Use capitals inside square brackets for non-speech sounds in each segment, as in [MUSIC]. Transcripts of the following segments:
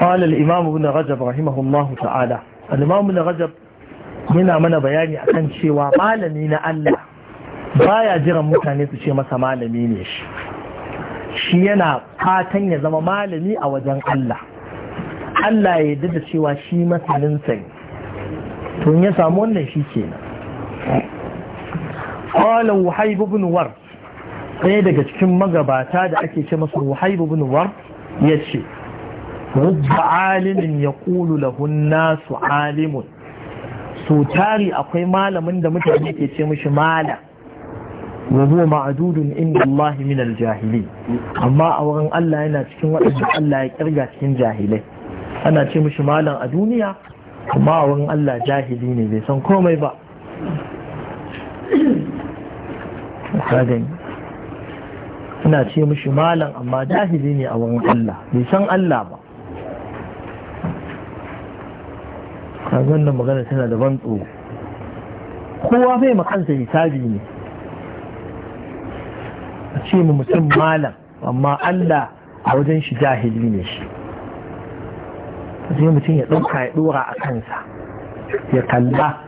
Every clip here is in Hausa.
قال الإمام ابن رجب رحمه الله تعالى الإمام ابن رجب yana mana bayani akan cewa malami na Allah baya jiran mutane su ce masa malami ne shi shi yana fatan ya zama malami a wajen Allah Allah ya yarda da cewa shi masaninsa ne. to ya samu wannan shi kenan qala wahib ibn war daga cikin magabata da ake ce masa wahib ibn war yace rubba alimin ya ƙulu lahun nasu alimun so tari akwai malamin da mutane ke ce mishi mala wa huwa ma'adudun inda Allah min aljahili amma a wurin Allah yana cikin waɗanda Allah ya kirga cikin jahilai ana ce mishi malam a duniya amma a wurin Allah jahili ne bai san komai ba ina ce mishi malam amma jahili ne a wurin Allah bai san Allah ba kan wannan magana tana da ban tsoro kowa bai makansa hisabi ne a ce mu mutum malam amma Allah a wajen shi jahili ne shi ce mutum ya ɗauka ya ɗora a kansa ya kalla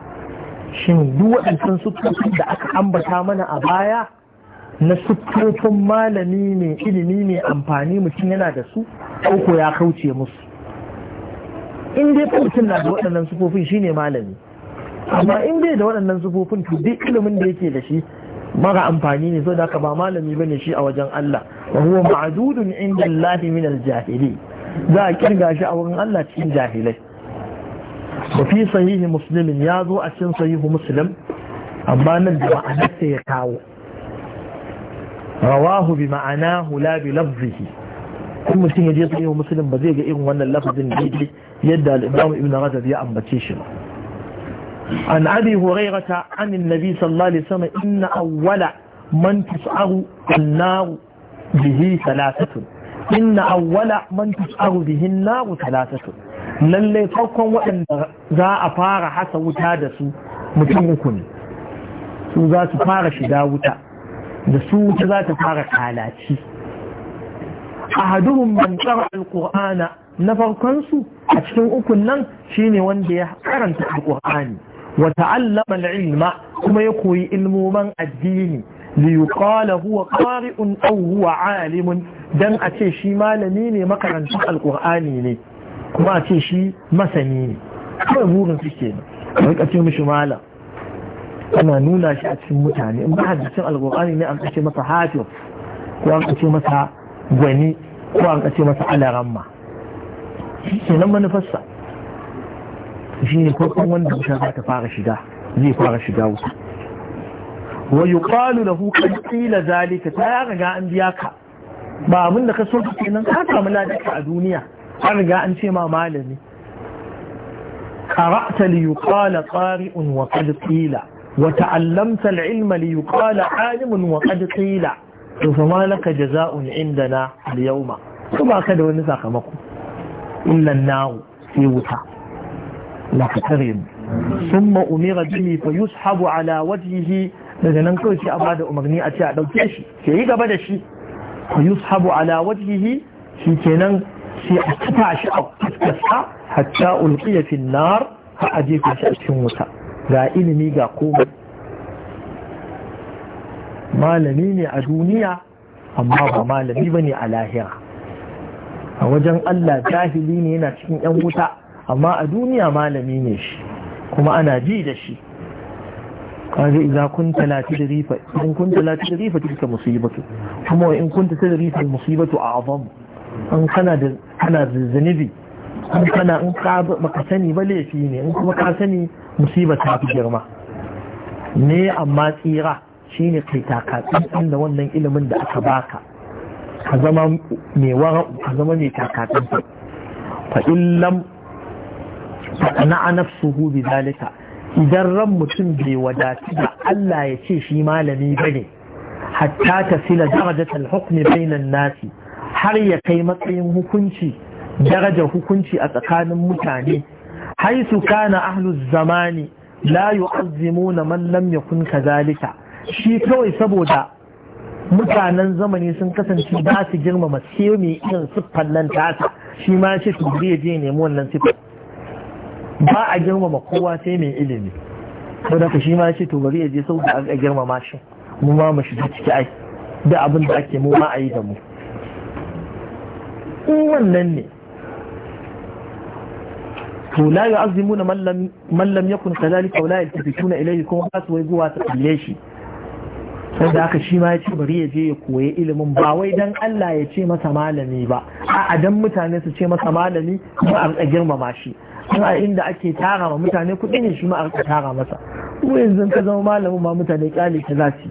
shin duk waɗansan sufofin da aka ambata mana a baya na sufofin malami ne ilimi ne amfani mutum yana da su ko ya kauce musu in dai mutum na da waɗannan sufofin shine malami amma in dai da waɗannan sufofin to duk ilimin da yake da shi mara amfani ne so da ka ba malami bane shi a wajen Allah wa huwa ma'dudun inda Allah min jahili za a kirga shi a wurin Allah cikin jahilai wa fi sahihi Musulmin ya zo a cikin sahihu muslim amma nan da ma'anarsa ya kawo rawahu bi ma'anahu la bi lafzihi in mutum ya je sai yau musulun ba zai ga irin wannan lafazin daidai yadda al'imamu ibn rajab ya ambace shi ba an abi hurairata an nabi sallallahu alaihi wasallam inna awwala man tus'aru an-nar bihi thalathatun inna awwala man tus'aru bihi an thalathatun lalle farkon wadanda za a fara hasa wuta da su mutum uku ne su za su fara shiga wuta da su wuta za ta fara kalaci ahaduhum man qara alqur'ana na farkon su a cikin ukun nan shine wanda ya karanta alqur'ani wa ta'allama ilma kuma ya koyi ilmoman addini li yuqala huwa qari'un aw huwa alimun dan a ce shi malami ne makarantar alqur'ani ne kuma a ce shi masani ne kawai burin su ke nan rika ce mishi malam ana nuna shi a cikin mutane in ba hadisin alqur'ani ne an kace masa hafiz ko an kace masa gwani ko an kace masa alaramma shi nan manufarsa shi ne farkon wanda wuta za ta fara shiga zai fara shiga wasu wa yuqalu lahu qad qila zalika ta ya riga an biya ka ba abin da ka so ka kenan ka samu ladaka a duniya ka riga an ce ma malami قرأت ليقال قارئ وقد قيل وتعلمت العلم ليقال عالم وقد قيل to fa laka jaza'un indana al-yawma to ba ka da wani sakamako illan nawo sai wuta la kare mu thumma umira bihi fa yushabu ala wajhihi daga nan kawai sai a bada umarni a ce a dauke shi sai yi gaba da shi fa yushabu ala wajhihi shikenan sai a tafa shi a fuskarsa hatta ulqiya fi nar ha aje shi a cikin wuta ga ilimi ga komai malami ne a duniya amma ba malami ba ne a lahira a wajen Allah jahili ne yana cikin 'yan wuta amma a duniya malami ne shi kuma ana ji da shi kaga idza kunta la tadri fa in kunta la tadri fa tilka musibatu kuma in kunta tadri fa musibatu a in kana da kana da zanibi in kana in ka sani ba laifi ne in kuma ka sani musiba ta fi girma ne amma tsira ne kai takatsan da wannan ilimin da aka baka ka zama mai wara ka zama mai takatsan fa illam fa ana nafsuhu bi zalika idan ran mutum bai wadatu da Allah ya ce shi malami bane hatta ta daraja darajatul hukmi bainan nasi har ya kai matsayin hukunci daraja hukunci a tsakanin mutane haisu kana ahlu zamani la yu'azzimuna man lam yakun kadhalika shi kawai saboda mutanen zamani sun kasance ba su girmama sai mai irin siffan nan ta tasa shi ma ce su zai je nemi wannan siffan ba a girmama kowa sai mai ilimi sau da shi ma ce to bari ya je saboda da a girmama shi mu ma mu shiga ciki ai da abin da ake mu ma a yi da mu in wannan ne to la yu'azzimuna man lam man lam yakun kadhalika wa la yaltafituna ilayhi kuma ba su wai zuwa su kalle shi sai da aka shi ma ya ce bari ya je ya koya ilimin ba wai dan Allah ya ce masa malami ba a adan mutane su ce masa malami ba a rika girmama shi in a inda ake tara ma mutane kuɗi ne shi ma a rika tara masa ko yanzu ka zama malamin ma mutane kyale ka za su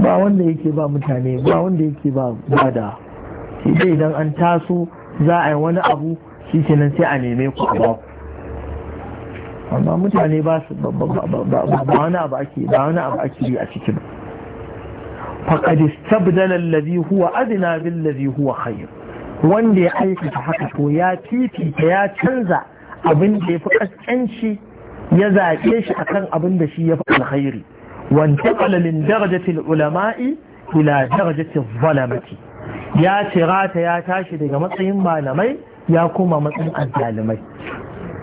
ba wanda yake ba mutane ba wanda yake ba ba da idan an taso za a yi wani abu shi kenan sai a neme ku a baku amma mutane ba su ba wani abu ake ba wani abu ake yi a cikin faƙadi sabdalar lazi huwa adinabin lazi huwa hanyar wanda ya aikata haka to ya titita ya canza abin da ya fi ƙasƙanci ya zaƙe shi a kan abin da shi ya fi alhairi wanda ƙalalin darajatin ulama'i ila darajatin zalamati ya tira ta ya tashi daga matsayin malamai ya kuma matsayin azalimai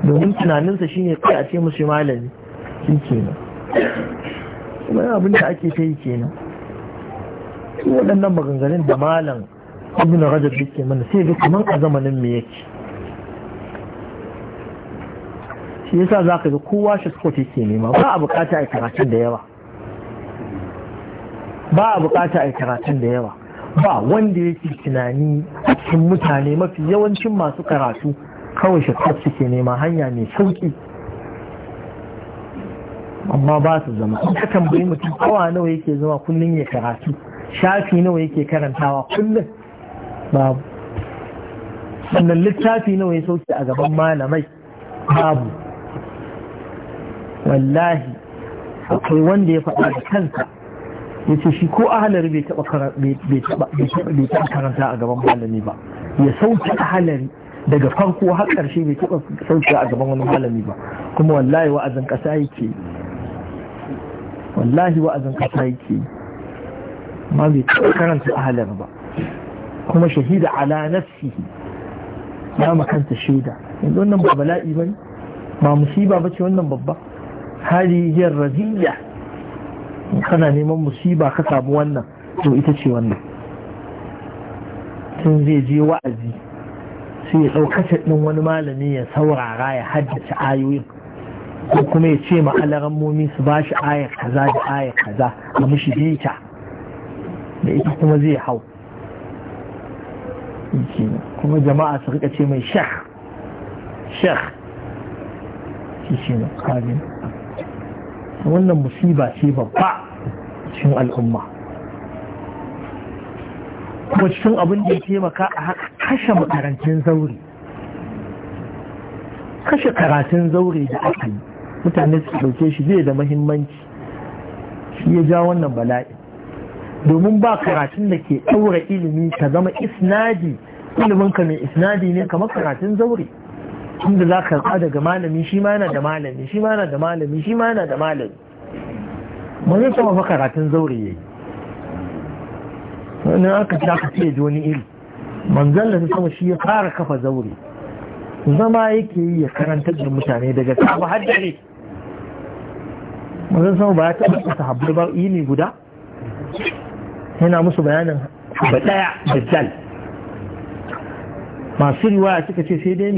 domin tunaninsa shine kai a ce musu malami shi kenan kuma yana da ake ta yi ke kenan waɗannan maganganun da malam rajar duk ke mana sai duk kaman a zamanin mai yake shi yasa za ka ga kowa shi suko ke nema ba a bukata a karatun da yawa ba a bukata a karatun da yawa ba wanda yake tunani a cikin mutane mafi yawancin masu karatu kawai shakar suke nema hanya mai sauki amma ba su zama in ka tambayi mutum awa nawa yake zama kullum ya karatu shafi nawa yake karantawa kullum babu sannan littafi nawa ya sauki a gaban malamai babu wallahi akwai wanda ya faɗa da kansa ya ce shi ko ahalari bai taɓa karanta a gaban malami ba ya a ahalari daga farko har ƙarshe bai taɓa sauki a gaban wani malami ba kuma wallahi wa'azin ƙasa yake wallahi wa'azin ƙasa yake ma bai taɓa karanta ahalar ba kuma shahida ala nafsihi ya makanta shaida yanzu wannan ba bala'i ba ba musiba ba ce wannan babba hali hiyar raziya kana neman musiba ka samu wannan to ita ce wannan tun zai je wa'azi sai ya ɗaukace ɗin wani malami ya saurara ya haddace ayoyin ko kuma ya ce ma'alaran momi su ba shi ayar kaza da ayar kaza a mishi bita da ita kuma zai hau kuma jama'a su rika ce mai shekh shekh shi ce na wannan musiba ce babba cikin al'umma kuma cikin abin da ya taimaka a haka kashe makarantun zaure kashe karatun zaure da aka yi mutane su ɗauke shi zai da mahimmanci shi ya ja wannan bala'i domin ba karatun da ke ɗaura ilimi ka zama isnadi ka mai isnadi ne kamar karatun zaure inda za ka karɓa daga malami shi ma yana da malami shi ma yana da malami shi ma yana da malami zai sama fa karatun zaure ya yi wani aka ta ka ce wani iri manzan ta sama shi ya fara kafa zaure zama yake yi ya karantar da mutane daga sabu haddare manzan sama ba ya taɓa kasa habbar ba guda yana musu bayanin ba ɗaya dajjal masu riwaya suka ce sai dai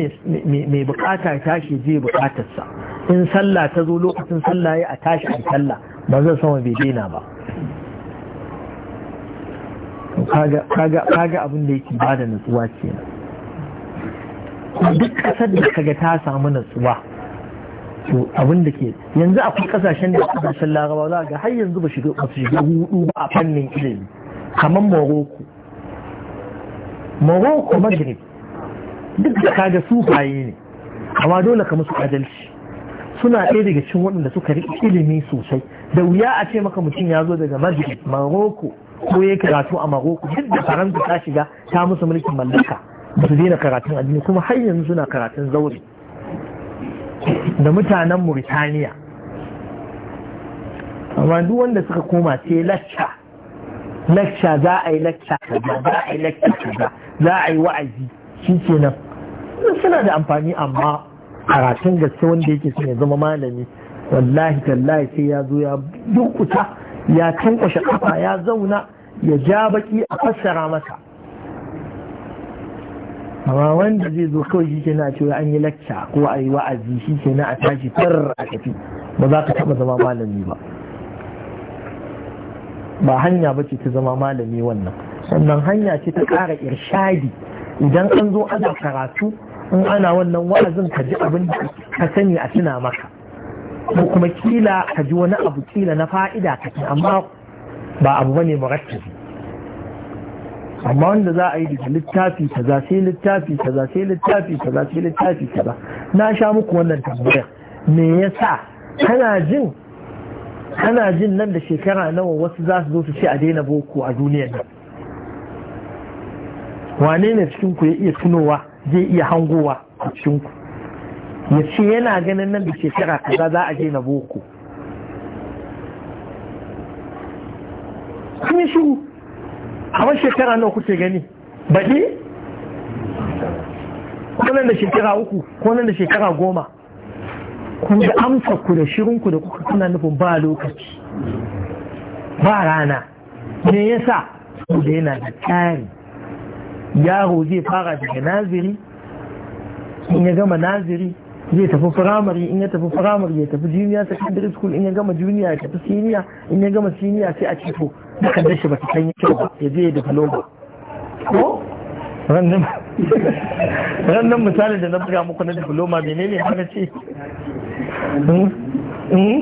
mai bukata ya tashi je bukatarsa in sallah ta zo lokacin sallah ya a tashi a sallah ba zan sama bai daina ba kaga abin da yake da nutsuwa ce duk kasar da kaga ta samu nutsuwa to abin da ke yanzu akwai kasashen da kasashen laraba za ga har yanzu ba shiga wasu shiga hudu ba a fannin ilimi kamar morocco morocco maghrib duk da kaga sufaye ne amma dole ka musu adalci suna ɗaya daga cikin waɗanda suka riƙe ilimi sosai da wuya a ce maka mutum ya zo daga maghrib morocco ko ya karatu a maroko duk da faransa ta shiga ta musu mulkin mallaka ba su daina karatun addini kuma har yanzu suna karatun zaure da mutanen Mauritania amma duk wanda suka koma sai lacca lacca za a yi lacca kaza za a yi lacca kaza za a yi wa'azi shi kenan suna da amfani amma karatun gaske wanda yake suna zama malami wallahi tallahi sai ya zo ya durkuta ya tankwashe kafa ya zauna ya ja baki a fassara masa amma wanda zai zo kawai shi ke na cewa an yi lacca ko a yi wa'azi shi ke na a tashi tar a tafi ba za ka taɓa zama malami ba ba hanya ba ce ta zama malami wannan sannan hanya ce ta ƙara irshadi idan an zo ana karatu in ana wannan wa'azin ka ji abin da ka sani a tuna maka ko kuma kila ka ji wani abu kila na fa'ida ka amma ba abu bane murattabi amma wanda za a yi daga littafi ta, za sai littafi ta, za sai littafi ta, za sai littafi ta ba. na sha muku wannan tambayar me yasa kana jin kana jin nan da shekara nawa wasu za su zo su ce a daina boko a duniyar nan wane ne cikin ya iya tunowa zai iya hangowa a cikin ya ce yana ganin nan da shekara kaza za a je na boko kun shi shiru a shekara nawa kuke gani baɗi nan da shekara uku ko nan da shekara goma kun ga amsa ku da shirinku da kuka kuna nufin ba lokaci ba rana me sa? ku da yana da tsari yaro zai fara daga naziri in ya gama naziri zai tafi firamare in ya tafi firamare ya tafi junior secondary school in ya gama junior ya tafi senior in ya gama senior sai a ce da dukan dashi ba ta san kyau ba ya je ya diploma ko rannan [LAUGHS] misali da na buga muku na diploma menene hana ce hmm? Hmm?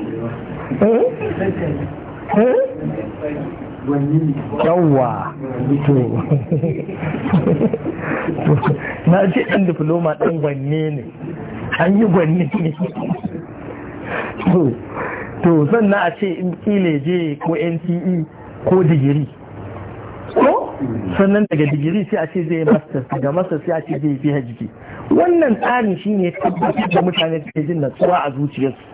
Hmm? yawwa [LAUGHS] na ce ɗan diploma ɗan gwanne ne an yi gwani to sannan a ce in kile je ko nce ko digiri ko sannan daga digiri sai a ce zai masters daga masters sai a ce zai hajji wannan tsarin shi ne tabbatar da mutane ke jin natsuwa a zuciyarsu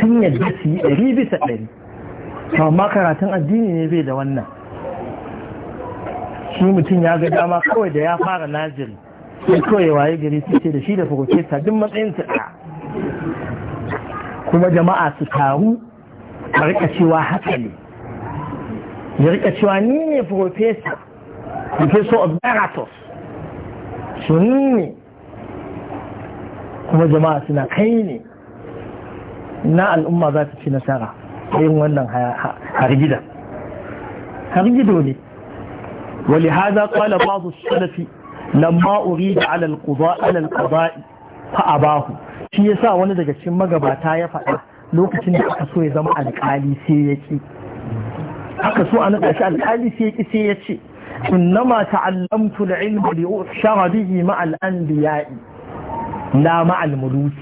sun yadda su yi ɗari bisa ɗari amma karatun addini ne zai da wannan shi mutum ya ga dama kawai da ya fara naziri sai kawai waye gari sai ce da shi da farfesa duk matsayin su ɗaya kuma jama'a su taru a rika cewa haka ne ya rika cewa ni ne farfesa professor of narratos su ni ne kuma jama'a suna kai ne na al'umma za ta ci nasara a yin wannan hargida hargido ne ولهذا قال بعض السلف lamma da alal kuba alal kuba fa abahu shi yasa wani daga cikin magabata ya faɗa lokacin da aka so ya zama alƙali sai ya ce aka so a naɗa shi alƙali sai ya ki sai ya ce innama ta'allamtu al-ilma li ushara bihi ma al-anbiya'i la ma al-muluk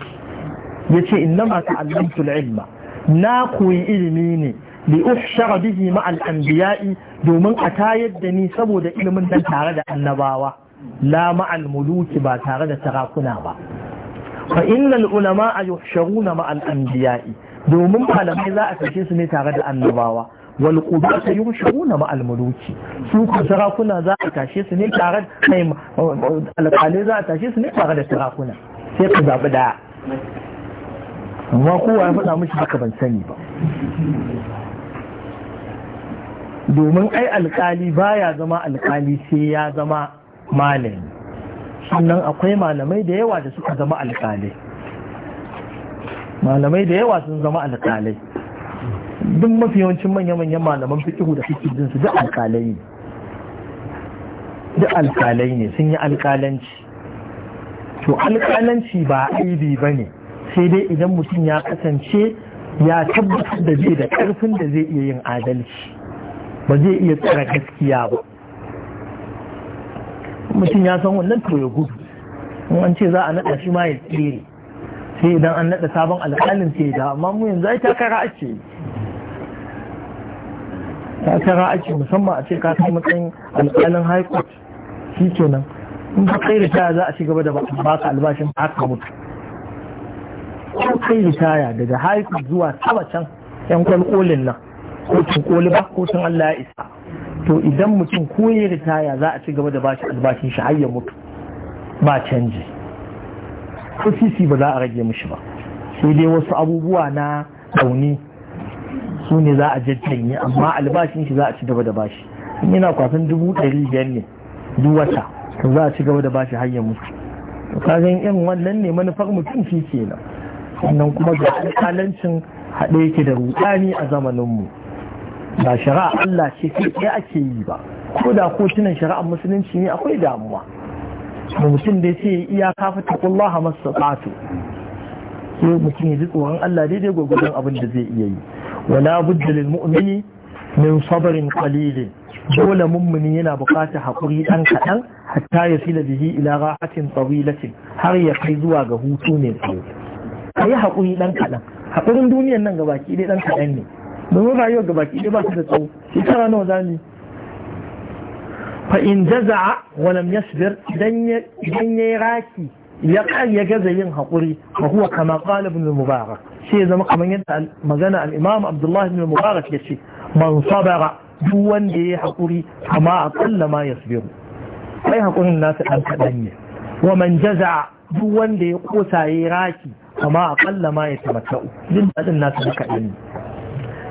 yace innama ta'allamtu al-ilma na koyi ilimi ne li ushara bihi ma anbiyai domin a tayar da ni saboda ilimin dan tare da annabawa la ma'al muluki ba tare da sarakuna ba fa innal ulama a yuhsharuna ma'al anbiya'i domin malamai za a kashe su ne tare da annabawa wal qudata yuhsharuna ma'al muluki su ku sarakuna za a kashe su ne tare da alƙalai za a kashe su ne tare da sarakuna sai ku zabi da amma kowa ya faɗa mishi haka ban sani ba domin ai alƙali baya zama alƙali sai ya zama malami sannan akwai malamai da yawa da suka zama alƙalai malamai da yawa sun zama alƙalai duk mafi yawancin manya-manyan malaman fikihu da suke jinsu duk alƙalai ne duk alƙalai ne sun yi alƙalanci to alƙalanci ba aibi ba ne sai dai idan mutum ya kasance ya tabbatar da zai da ƙarfin da zai iya yin adalci ba zai iya tsara gaskiya ba mutum ya san wannan to ya gudu in an ce za a naɗa shi ma ya tsere sai idan an naɗa sabon alƙalin sai da amma mu yanzu ai takara ake takara ake musamman a ce ka san matsayin alƙalin high court shi kenan in ba kai ritaya za a ci gaba da baka albashin haka mutu ko kai ritaya daga high court zuwa sama can yan kwalkolin nan ko tun koli ba ko tun Allah ya isa to idan mutum ko ya ritaya za a ci gaba da bashi albashin shi har ya mutu ba canji ko sisi ba za a rage mishi ba sai dai wasu abubuwa na rauni su ne za a jajjanye amma albashin shi za a ci gaba da bashi in yana kwasan dubu ɗari biyar ne duk wata to za a ci gaba da bashi har ya mutu kagan yan wannan ne manufar mutum shi kenan sannan kuma ga alƙalancin haɗe yake da rudani a zamaninmu ba shari'a Allah ce ke ake yi ba ko da ko kotunan shari'ar musulunci ne akwai damuwa ba mutum da ce iya kafa Hamas su tsato sai mutum ya ji tsoron Allah daidai gwagwadon abin da zai iya yi wala budda lil mu'mini min sabrin qalilin dole mummuni yana bukatar haƙuri ɗan kaɗan hatta ya fila bihi ila rahatin tsawilatin har ya kai zuwa ga hutu ne tsawo a yi haƙuri ɗan kaɗan haƙurin duniyan nan gabaki ɗaya ɗan kaɗan ne domin rayuwar ga baki ɗaya ba ta da tsawo shekara nawa za mu fa in jaza'a wa lam yasbir idan ya yi raki ya ya gaza yin haƙuri fa huwa kama qala ibn mubarak sai ya zama kamar yadda magana al-imam abdullah ibn mubarak ya ce man sabara duk wanda ya yi haƙuri amma a ƙalla ma yasbiru ai haƙurin nasu ɗan kaɗan ne wa man jaza'a duk wanda ya ƙosa ya raki amma a ƙalla ma ya tamatta'u jin daɗin nasa ɗan kaɗan ne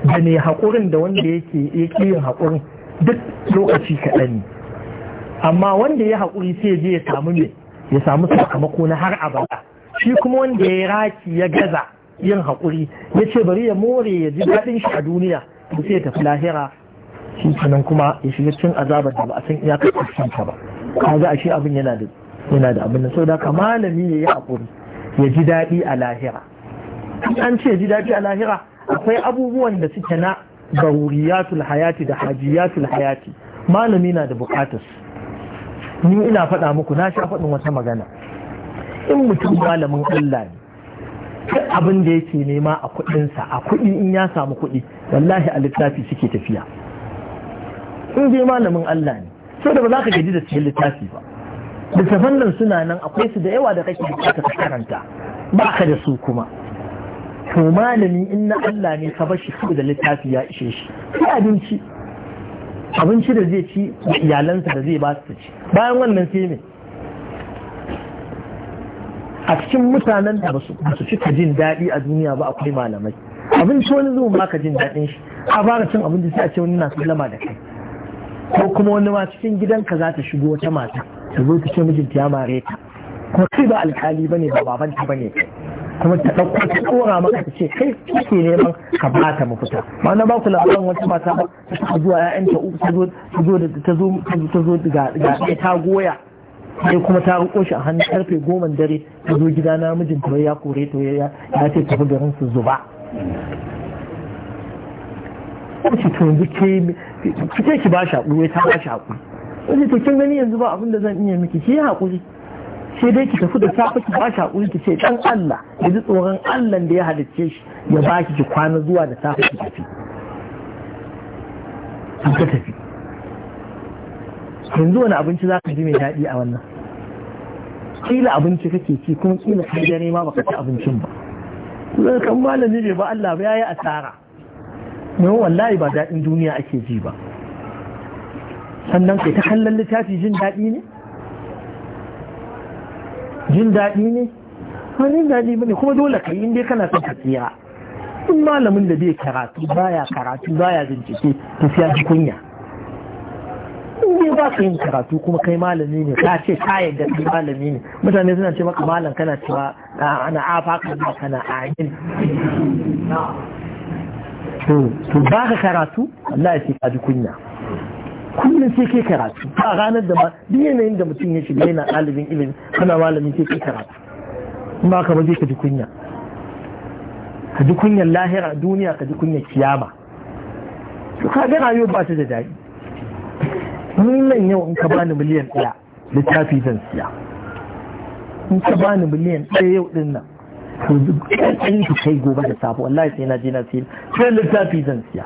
da mai haƙurin da wanda yake yake yin haƙurin duk lokaci kaɗan ne amma wanda ya haƙuri sai je ya samu ne ya samu sakamako na har abada shi kuma wanda ya yi raki ya gaza yin haƙuri ya ce bari ya more ya ji daɗin shi a duniya to sai ya tafi lahira shi sanan kuma ya shiga cin azabar da ba a san iyakar kusanta ba ka a shi abin yana da yana da abin saboda ka malami ya yi haƙuri ya ji daɗi a lahira an ce ya ji daɗi a lahira akwai abubuwan da suke na daruriyatul hayati da hajiyatul hayati malami na da bukatas. ni ina faɗa muku na sha faɗin wata magana in mutum malamin Allah ne duk abin da yake nema a kuɗinsa a kuɗi in ya samu kuɗi wallahi a littafi suke tafiya in dai malamin Allah ne sai da ba za ka gaji da cikin littafi ba littafan nan suna nan akwai su da yawa da kake bukata ka karanta ba ka da su kuma to malami in na Allah ne ka bashi su da littafi ya ishe shi sai abinci abinci da zai ci da iyalansa da zai ba su ci bayan wannan sai ne a cikin mutanen da ba su ka jin daɗi a duniya ba akwai malamai abinci wani zuwa ba ka jin daɗin shi a fara cin abinci sai a ce wani na sallama da kai ko kuma wani ma cikin gidanka za ta shigo wata mata ta zo ta ce mijinta ya mare ta ko kai ba alkali bane ba babanta bane kai kuma ta ɗauko ta ɗora maka ta ce kai kake neman ka ba ta mafita ba ba ku labarin wata mata ba ta zuwa ya'yan ta zo ta zo ga ɗaya ta goya sai kuma ta riko shi a hannun karfe goma dare ta zo gida na ta ya kore ta ya ce tafi garin su zuba wace to yanzu ke ki ki ba shi haƙuri ta ba shi haƙuri to kin gani yanzu ba abin da zan iya miki ki yi haƙuri sai dai ki tafi da safe ki bashi hakuri ki ce dan Allah ya ji tsoron Allah da ya halicce shi ya baki ki kwana zuwa da safe ki tafi ki ka tafi yanzu wani abinci za ka ji mai daɗi a wannan kila abinci kake ci kuma kila kai dare ma baka ci abincin ba zan kan malami bai ba Allah ba yayi asara ne wallahi ba daɗin duniya ake ji ba sannan kai ta kallon littafi jin daɗi ne jin daɗi ne wani daɗi ne kuma dole ka yi inda kana son ka tsira in malamin da zai karatu baya karatu baya bincike ta siya ji kunya in dai ba ka yin karatu kuma kai malami ne ka ce ka yadda kai malami ne mutane suna ce maka malam kana cewa ana afa ka kana ayin to ba ka karatu Allah ya ce ka ji kunya kullum sai ke karatu a ranar da ma duk yanayin da mutum ya shiga yana ɗalibin ilimi kana malamin sai ke karatu ba ka ba zai ka ji kunya ka ji kunyar lahira duniya ka ji kunyar kiyama to ka ga rayuwa ba ta da daɗi ni nan yau in ka bani miliyan ɗaya littafi zan siya in ka bani miliyan ɗaya yau ɗin nan to ɗan kai gobe da safe wallahi sai na je na siya sai littafi zan siya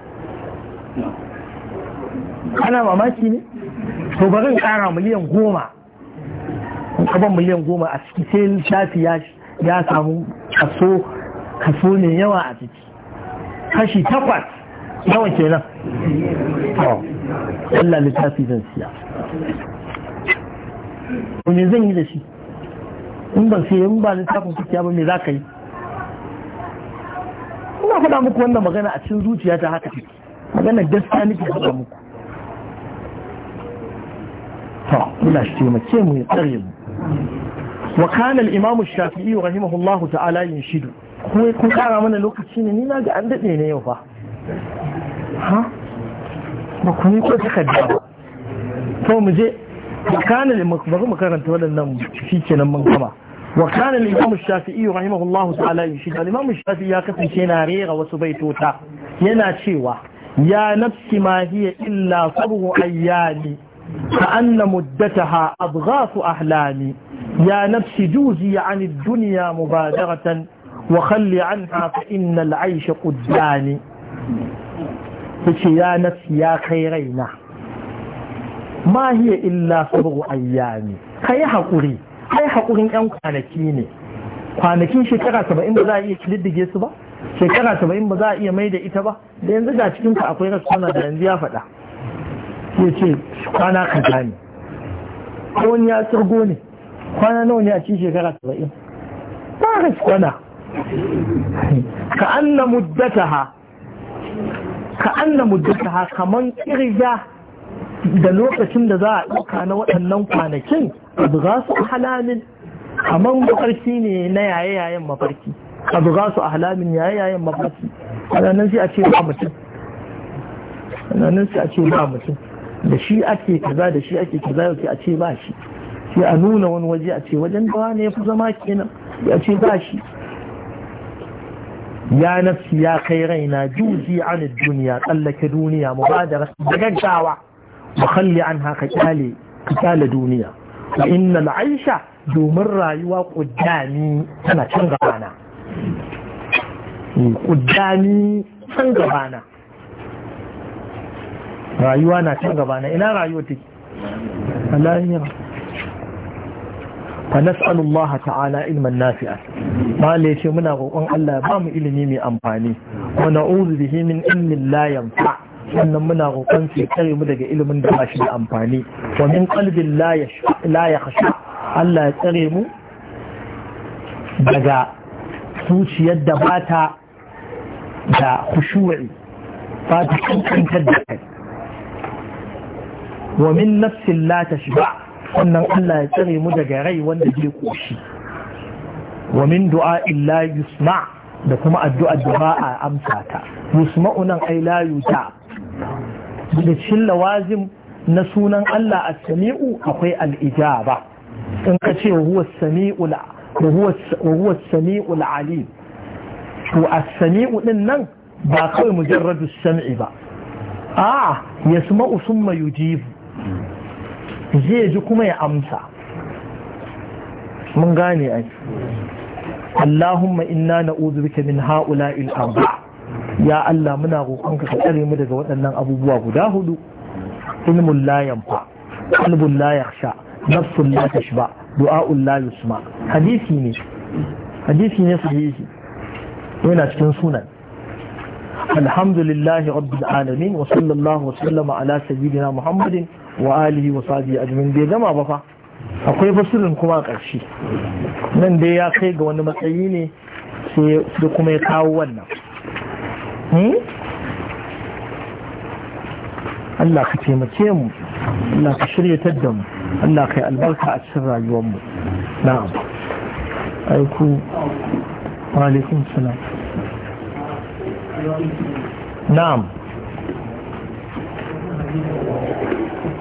ana mamaki ne to ba kara miliyan goma in miliyan goma a ciki sai shafi ya samu kaso kaso ne yawa a ciki kashi takwas yawa kenan Allah littafi zan siya to me zan yi da shi in ban sai in ba littafin kuciya ba me za ka yi ina faɗa muku wannan magana a cikin zuciya ta haka magana gaskiya nake faɗa muku muna ce mace mu ya tsare mu wa kana al-imam shafi'i rahimahullahu ta'ala yin shidu. ko kun kara mana lokaci ne ni na ga an dade ne yau fa ha ba ku ne ko takarda ba to mu je wa kana bari mu karanta waɗannan shikenan mun kama wa kana al-imam shafi'i rahimahullahu ta'ala yin al-imam shafi'i ya kasance yana rera wasu baitota yana cewa ya nafsi ma hiya illa sabu ayyami فأن مدتها أضغاف أحلامي يا نفس جوزي عن الدنيا مبادرة وخل عنها فإن العيش قداني يا نفس يا خيرينا ما هي إلا سبع أيامي كي حقوري كي حقوري أن كانكيني kwanakin shekara saba'in ba za a iya kididdige su ba shekara saba'in ba za a iya mai da ita ba da yanzu ga cikinka akwai rasu da yanzu ya faɗa ya ce kwana ka gani ko wani ya turgo ne kwana nawa ne a cikin shekara saba'in ba ka ci kwana ka an na muddata ha ka an na muddata ha kamar kirga da lokacin da za a ɗauka na waɗannan kwanakin abu za su halamin kamar mafarki ne na yaye-yayen mafarki abu za su halamin yaye-yayen mafarki a ranar sai a ce ba mutum a sai a ce ba mutum da shi ake kaza da shi ake kaza yau a ce ba shi shi a nuna wani waje a ce wajen da ne ya fi zama kenan ya ce ba shi ya nafsi ya kai raina juzi an duniya tsallake duniya mu ba da gaggawa mu kalli an haka kyale ka kyale duniya fa inna al'aisha domin rayuwa kuddami tana can gabana kuddami can gabana rayuwa na can gaba na ina rayuwa take alahira fa nas'alullah ta'ala ilman nafi'a mala ce muna roƙon Allah ba mu ilimi mai amfani wa na'udhu bihi min ilmin la yanfa sannan muna roƙon sai kare mu daga ilimin da ba shi da amfani wa min qalbin la yakhsha Allah ya tsare mu daga zuciyar da bata da khushu'i ba ta kankantar da kai wa min nafsin la wannan Allah ya tsare mu daga rai wanda zai koshi wa min du'a illa yusma da kuma addu'a da ba a amsa ta yusma'u nan ai la yuta da cin lawazim na sunan Allah as-sami'u akwai al-ijaba in ka ce huwa as-sami'u wa huwa as-sami'u al-alim to as-sami'u din nan ba kawai mujarradu as-sam'i ba a yasma'u thumma yujibu zai ji kuma ya amsa mun gane ai Allahumma inna na'udhu bika min ha'ula'il arba ya Allah muna roƙonka ka tsare mu daga waɗannan abubuwa guda hudu ilmun layan fa, qalbun la yakhsha nafsun la tashba du'a'un la yusma hadisi ne hadisi ne sahihi yana cikin sunan alhamdulillahi rabbil alamin wa sallallahu wa sallama ala sayyidina muhammadin wa alihi wa sahbihi ajmin bai gama ba fa akwai basirin kuma karshe ƙarshe nan dai ya kai ga wani matsayi ne sai kuma ya kawo wannan hmm? Allah ka taimake mu Allah ka shirya da mu Allah ka yi albarka a cikin rayuwar mu na'am aiku wa alaikum salam na'am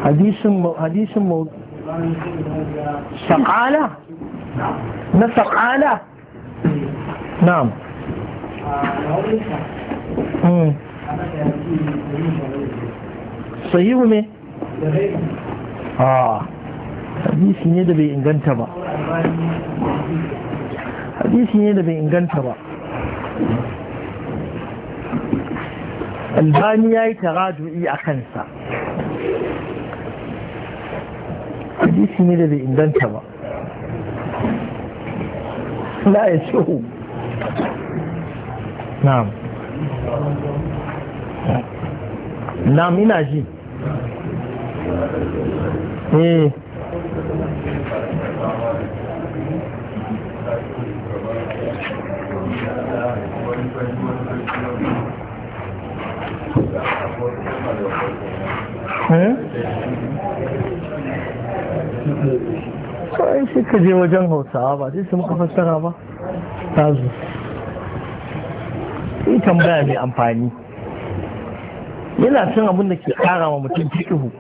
حديث حديث سقالة نسق على نعم صحيح مي آه حديث ني دبي انغنتا با حديث ني دبي انغنتا با الباني ياي تغادو اي اكنسا hadisi ne da bai inganta ba la ya ce hu na'am na'am ina ji eh Hmm? kawai shi ka je wajen hausawa ba sai su muka fassara ba ta zo yi tambaya mai amfani yana cin abin da ke kara wa mutum fikihu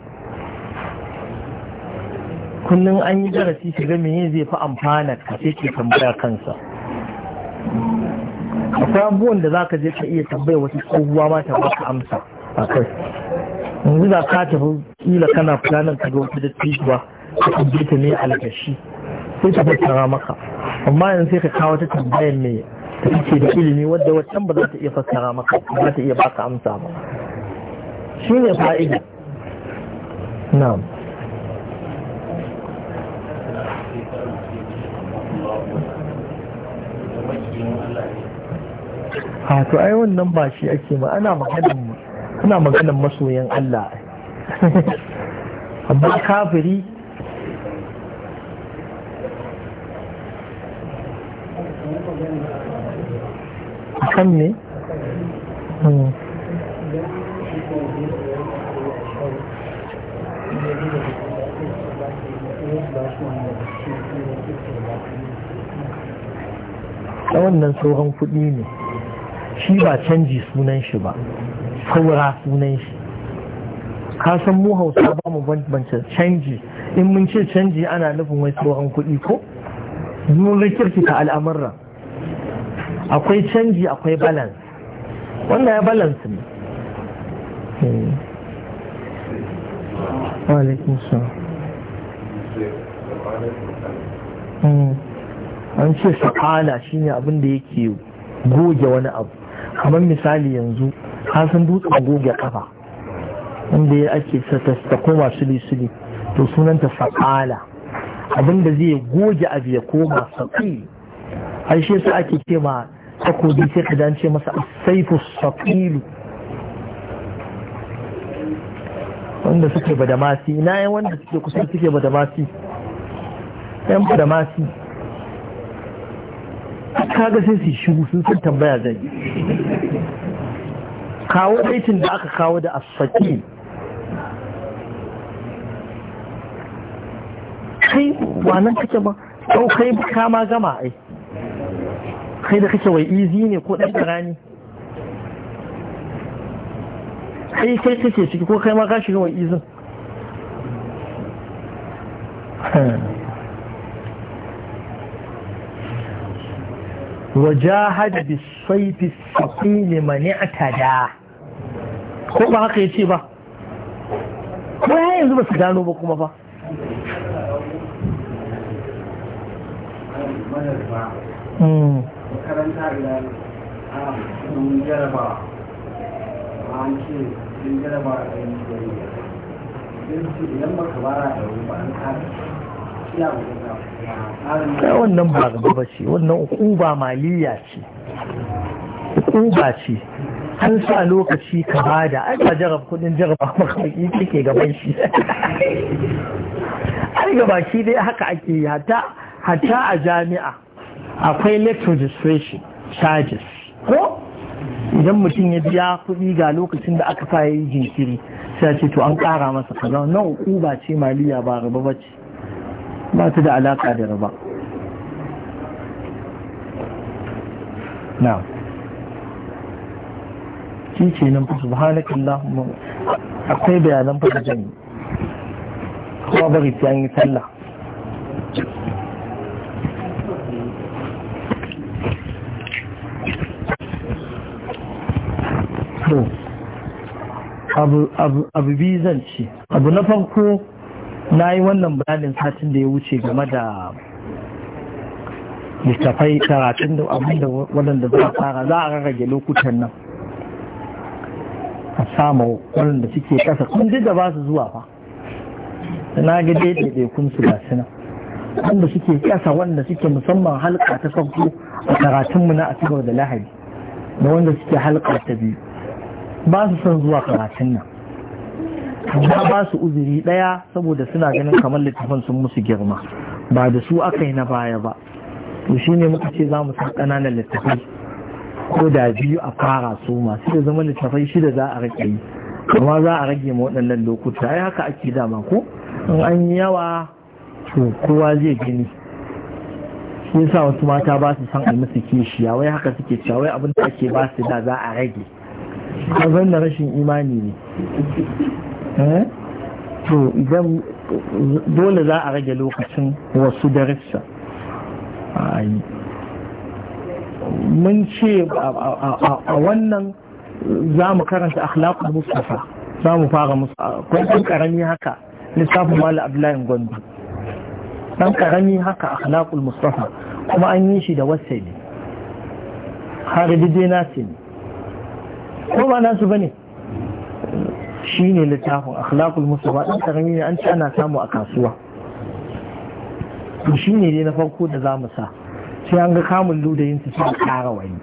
kullum an yi darasi shiga meye zai fi amfana ka sai ke tambaya kansa akwai abubuwan da zaka je ka iya tambaya wasu, tsohuwa ma ta baka amsa a kai yanzu za ka tafi kila kana fulanar ka ga wata dattijuwa ka tambaye ta ne alkashi sai ta fassara maka amma yanzu sai ka kawo ta tambayar mai ta take da ilimi wadda waccan ba za ta iya fassara maka ba za ta iya baka amsa ba shi ne fa'ida na'am a to ai wannan ba shi ake ma ana maganin ana maganin masoyan Allah [LAUGHS] amma kafiri kan me hmm. wannan tsohon kuɗi ne shi ba canji sunan shi ba saura sunan shi kasan mu hausa ba mu banbance canji in mun ce canji ana nufin wai tsohon kuɗi ko mun ta al'amuran akwai canji akwai balance wannan ya balance ne hmm. hmm. an ce sakala shi abin da yake goge wani abu kamar misali yanzu kasan dutsen goge kafa inda ya ake ta koma suli-suli to sunanta Sa'ala abinda zai goge abu ya koma saƙi ai shi ake kema takobi sai ka dance masa saifu saƙilu wanda suke bada masi ina yi wanda suke kusan suke bada masi yan bada masi kaga sai su shigo sun san tambaya zai kawo aikin da aka kawo da asfaki kai wannan kake ba kai kama gama ai kai da kake wai izi ne ko ɗan rani kai kai kake ciki ko kai ma ka shiga wai izin وجاهد ne الثقيل من da. ko ba haka yace ba ko ya yanzu ba su gano ba kuma ba makaranta hmm. ba an kare wannan ba gaba ce wannan ukuba maliya ce ukuba ce an sa lokaci ka bada an ba jarab kudin jaraba [LAUGHS] makamaki kike gaban shi ai gaba shi dai haka ake yi hatta a jami'a akwai late registration charges ko idan mutum ya biya kuɗi ga lokacin da aka sa yi jinkiri sai ce to an ƙara masa kaza nan ba ce maliya ba raba ba ce ba ta da alaƙa da raba na shi ce nan fi subhanakin lahumma akwai bayanan fa da jami'a kuma bari sai an yi sallah abu biyu zan ce abu na farko na yi wannan bayanin satin da ya wuce game da littafai karatun da abin da waɗanda za a fara za a rarrage lokutan nan a samu waɗanda suke ƙasa kun duk da ba su zuwa fa na ga daidai kun su ga suna wanda suke ƙasa wanda suke musamman halka ta farko a karatunmu na asibar da lahadi da wanda suke halka ta biyu ba su son zuwa karatun nan na ba su uzuri ɗaya saboda suna ganin kamar littafin sun musu girma ba da su aka yi na baya ba to shi ne muka ce za mu san ƙananan littafai ko da biyu a fara su masu da zama littafai shida za a rage yi amma za a rage ma waɗannan lokuta ai haka ake dama ko in an yi yawa to kowa zai gini. shi yasa wasu mata ba su san a musu kishiya wai haka suke cewa abin da ake ba su da za a rage kazan rashin imani ne eh? to idan dole za a rage lokacin wasu darussa mun ce a wannan za mu karanta akhlaqul mustafa za mu fara musu kwan karami haka lissafin mali abdullahi gwandu dan karami haka akhlaqul mustafa kuma an yi shi da wasai ne har dai na ce ne ko ba nasu bane shi ne littafin akhlaqul musulma ɗan ƙarami ne an ci ana samu a kasuwa to shi ne dai na farko da za mu sa sai an ga kamun yin su a ƙara wani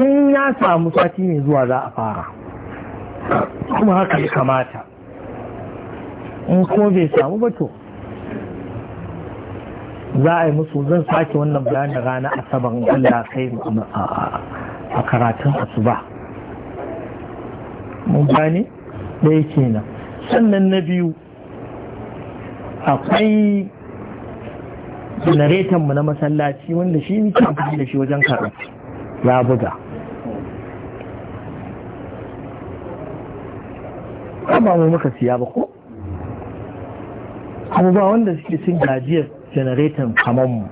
in ya samu sati mai zuwa za a fara kuma haka ya kamata in kuma bai samu ba to za a yi musu zan sake wannan bayan da rana asabar in Allah kai a karatun asuba mun gane ɗaya kenan sannan na biyu akwai janareton mu na masallaci wanda shi muke amfani da shi wajen karatu ya buga ba mu muka siya ba ko ba wanda suke cin gajiyar janareton kamar mu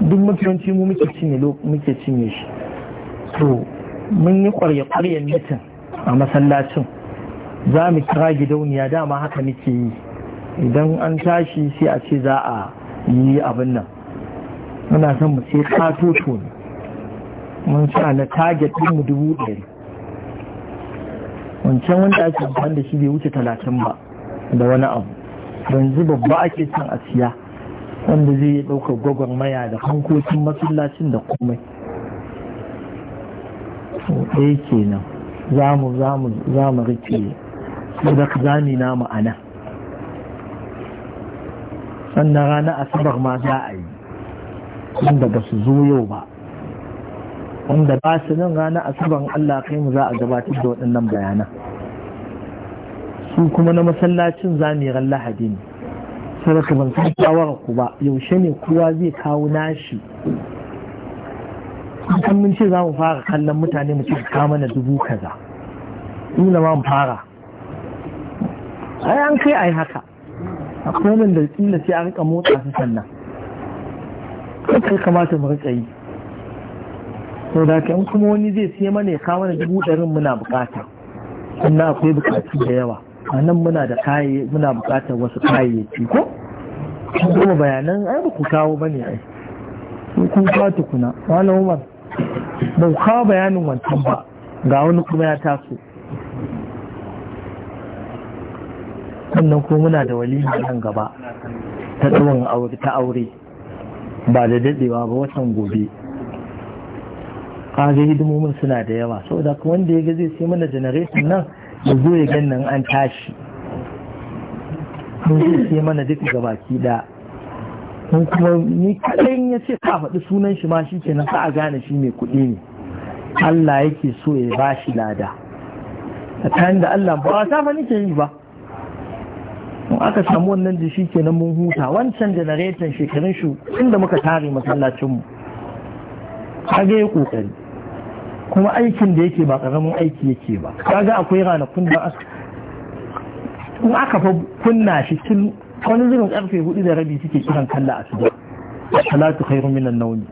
duk mutunci mu muke cinye shi to mun yi kwarye-kwaryen mitin a masallacin za mu kira gidauniya dama haka muke yi idan an tashi sai a ce za a yi abin nan muna son mu sai katoto ne mun sa na target ɗin mu dubu ɗari wancan wanda ake amfani da shi bai wuce talatin ba da wani abu yanzu babba ake son a siya wanda zai yi ɗaukar gwagwarmaya da hankokin masallacin da komai ɗaya kenan nan za mu za mu rike da za mu na ma'ana sannan rana asabar ma za a yi wanda ba su zo yau ba wanda ba su nan ranar asabar Allah kai mu za a gabatar da waɗannan bayanan su kuma na masallacin za mu yi lahadi ne sadaka ban san ku ba yaushe ne kowa zai kawo nashi kan mun ce za mu fara kallon mutane mu ce ka dubu kaza ina ma mu fara ai an kai ai haka akwai nan da kila sai an rika motsa su sannan kai kamata mu rika yi to da kan kuma wani zai siya mana ya kawo na dubu ɗarin muna bukata sannan akwai bukatu da yawa a nan muna da kaye muna bukatar wasu kayayyaki ko kuma bayanan ai ba ku kawo ba ne ai kun kawo tukuna malam umar ba kawo bayanin wancan ba ga wani kuma ya taso sannan ko muna da walima nan gaba ta tsawon ta aure ba da daɗewa ba watan gobe kaga hidimomin suna da yawa da kuma wanda ya ga zai sai mana generation nan da zo ya gan nan an tashi mun zai sai mana duk gabaki da mun kuma ni kaɗan ya ce ka faɗi sunan shi ma shi kenan sa a gane shi mai kuɗi ne Allah yake so ya ba shi lada a tayin da Allah ba a safa nike yi ba mun aka samu wannan da shi kenan mun huta wancan janaretan shekarun shi inda muka tare masallacinmu kaga ya kokari kuma aikin da yake ba karamin aiki yake ba ga akwai ranakun da in aka fa kunna shi tun wani zirin karfe hudu da rabi suke kiran kalla a su salatu khairu minan nauni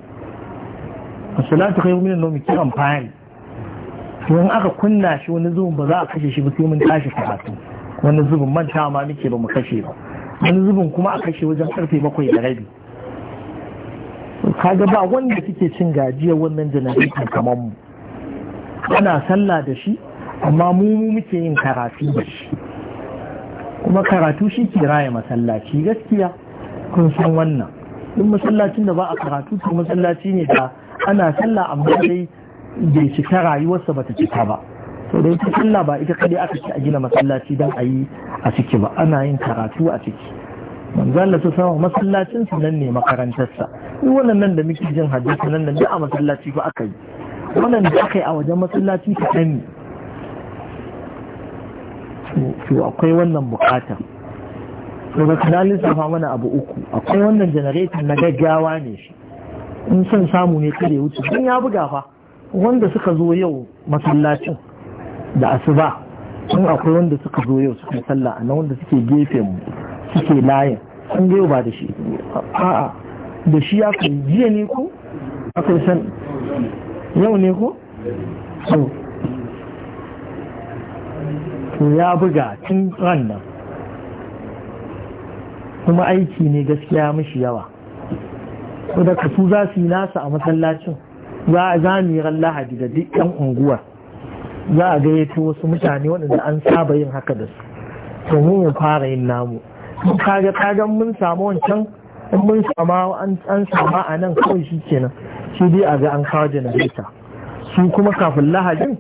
salatu kai min nomi kiran fari in aka kunna shi wani zubin ba za a kashe shi ba sai mun tashi karatu wani zubin manta ma muke ba mu kashe ba wani zubin kuma a kashe wajen karfe bakwai da rabi kaga ba wanda kike cin gajiya wannan janaraitar kamar mu ana sallah da shi amma mu mu muke yin karatu da shi kuma karatu shi ke raya masallaci gaskiya kun san wannan duk masallacin da ba a karatu to masallaci ne da ana sallah amma dai bai cika rayuwarsa bata cika ba to da ita sallah ba ita kadai aka ci a gina masallaci dan a yi a ciki ba ana yin karatu a ciki manzo Allah ta sama masallacin sa nan ne makarantarsa duk wannan nan da muke jin hadisi nan nan duk a masallaci fa aka yi wannan da aka yi a wajen masallaci ta ne to akwai wannan bukatar daga kanan lissafa mana abu uku akwai wannan janareta na gaggawa ne shi in son samu ne kare wuce sun ya buga fa wanda suka zo yau masallacin da asuba sun akwai wanda suka zo yau suka salla a wanda suke gefe mu suke layin sun ga ba da shi a'a da shi ya kai jiya ne ko akwai san yau ne ko to ya buga tun ran nan kuma aiki ne gaskiya mishi yawa da ka su za su yi nasa a masallacin za a ran lahadi da duk yan unguwa za a gayyato wasu mutane waɗanda an saba yin haka da su to mu fara yin namu kaga kagan mun samu wancan in mun sama an sama a nan kawai shi kenan shi dai a ga an kawo janareta su kuma kafin lahadin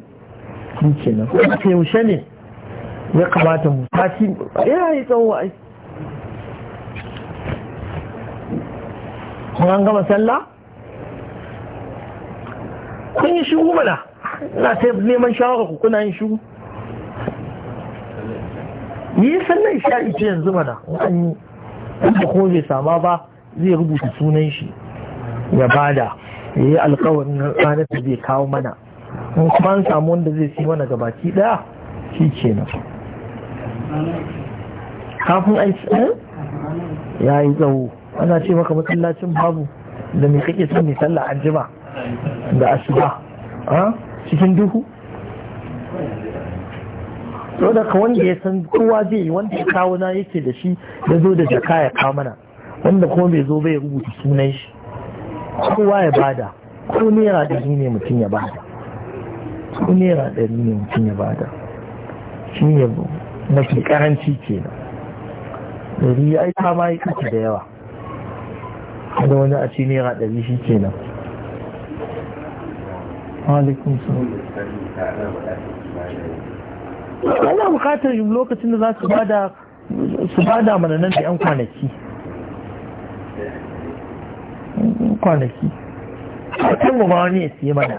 shi kenan yaushe ne ya kamata mu sati ya yi tsawo aiki kuma an gama sallah kun yi shiru mana na sai neman shawara ku kuna yin shiru yi sannan a ce yanzu mana an yi ko kuma bai sama ba zai rubuta sunan shi ya bada ya yi alkawarin ranar da zai kawo mana in kuma an samu wanda zai si mana gabaki daya shi ke nan kafin aiki eh? ya yi tsawo ana ce maka masallacin babu da mai kake son misalla a anjima da asuba a cikin duhu to da ka wanda ya san kowa zai yi wanda ya kawo na yake da shi ya zo da jaka ya kawo mana wanda kuma bai zo bai rubuta sunan shi kowa ya bada ko naira ɗari ne mutum ya bada ko naira ɗari ne mutum ya bada shi ne mafi karanci kenan ɗari ya aika ma yi kake da yawa kada wani a ci naira ɗari shi ke nan ana bukatar lokacin da za su bada su bada mana nan da 'yan kwanaki kwanaki a kan gaba wani ya siye mana